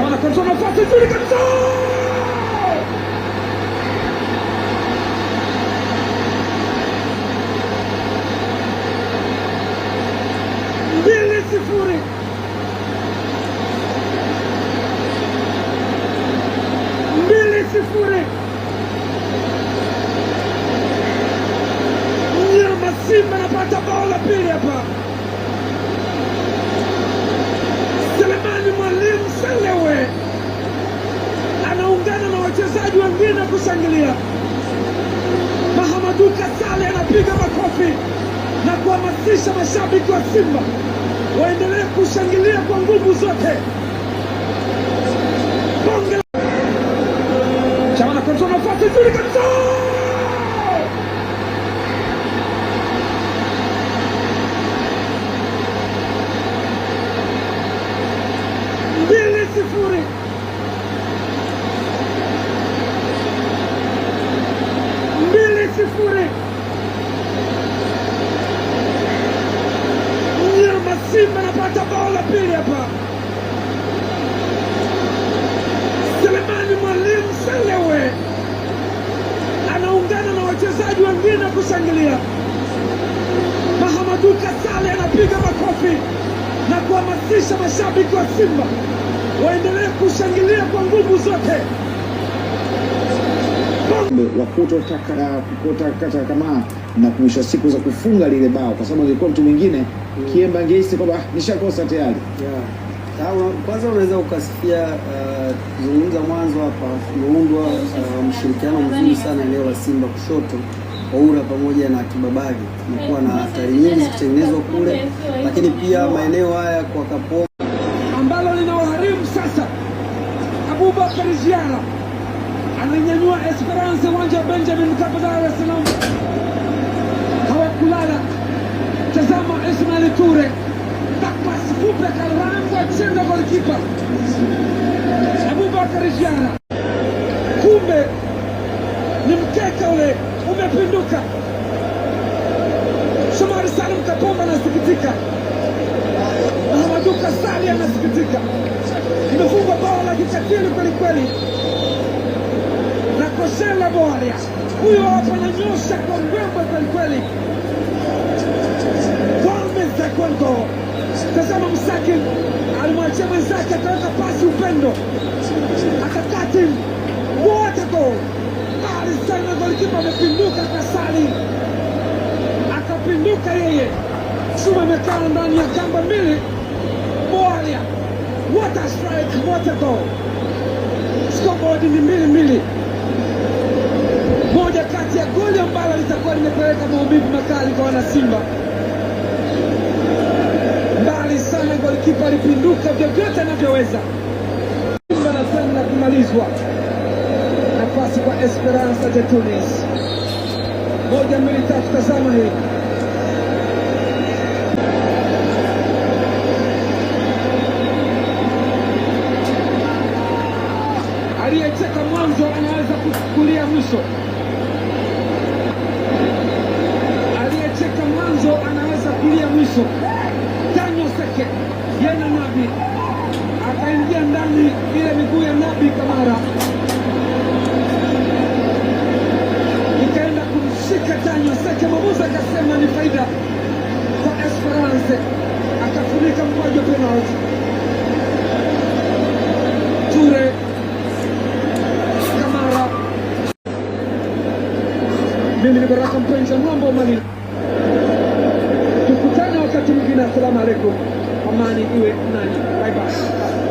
siamo d'accordo sul fatto di cazzo! Fuori! Bellezze fuori! Andiamo assieme alla patabola, Pirapa! Selemani Mwalimu Selewe anaungana na wachezaji wengine kushangilia. Mahamadu Kasale anapiga makofi na kuhamasisha mashabiki wa Simba waendelee kushangilia kwa nguvu zote. Bonge Chamana kontrol nafasi nzuri kabisa vizuri. Mnyama Simba anapata bao la pili hapa. Selemani Mwalimu Selewe anaungana na wachezaji wengine kushangilia. Mahamadu anapiga makofi na kuhamasisha mashabiki wa Simba waendelee kushangilia kwa nguvu zote wa kutokata tamaa na kuisha siku za kufunga lile bao, kwa sababu ilikuwa mtu mwingine mm. Kiemba angehisi kwamba ah, nishakosa tayari yeah. Kwanza unaweza ukasifia kuzungumza uh, mwanzo hapa umeundwa uh, mshirikiano mzuri sana eneo la Simba kushoto Oura pamoja na Kibabali kumekuwa na hatari nyingi zikitengenezwa kule, lakini pia maeneo haya kwa Kapo ambalo linawaharibu sasa Abubakar Ziara anainyanyua Esperance uwanja wa Benjamin Mkapa, Dar es Salaam. Hawakulala. Tazama Ismail Ture takpasi fupi akarangwa chenga golikipa Abubakar Jara, kumbe ni mkeka ule umepinduka. Shomari Salum Kapombe anasikitika, Mahamadou Kasali anasikitika, imefungwa bao la kikatili kwelikweli anasema Bwana huyo apananyosha kwa ngwembe kwelikweli, ngome za kwengo. Tazama, Msaki alimwachia mwenzake, ataweka pasi, upendo akakati wote go alisana, golikipa amepinduka, kasali akapinduka yeye, chuma imekaa ndani ya kamba mbili. Bwana, what a strike, what a goal! Scoreboard ni mbili mbili. inapeleka maumivu makali kwa wanasimba, mbali sana. Golikipa alipinduka vyovyote anavyoweza, simba na na kumalizwa. Nafasi kwa Esperanza de Tunis, moja mbili tatu, tazama hii mwisho, tano second yana Nabi akaingia ndani ile miguu ya Nabi Kamara ikaenda kumshika tano seke Mwamuzi akasema ni faida kwa Esperance, akafunika mkwaju penalti. Ture Kamara. Mimi ni Baraka Mpenja, Mwambo Manila sana, assalamu alaikum, amani iwe nani. Bye bye.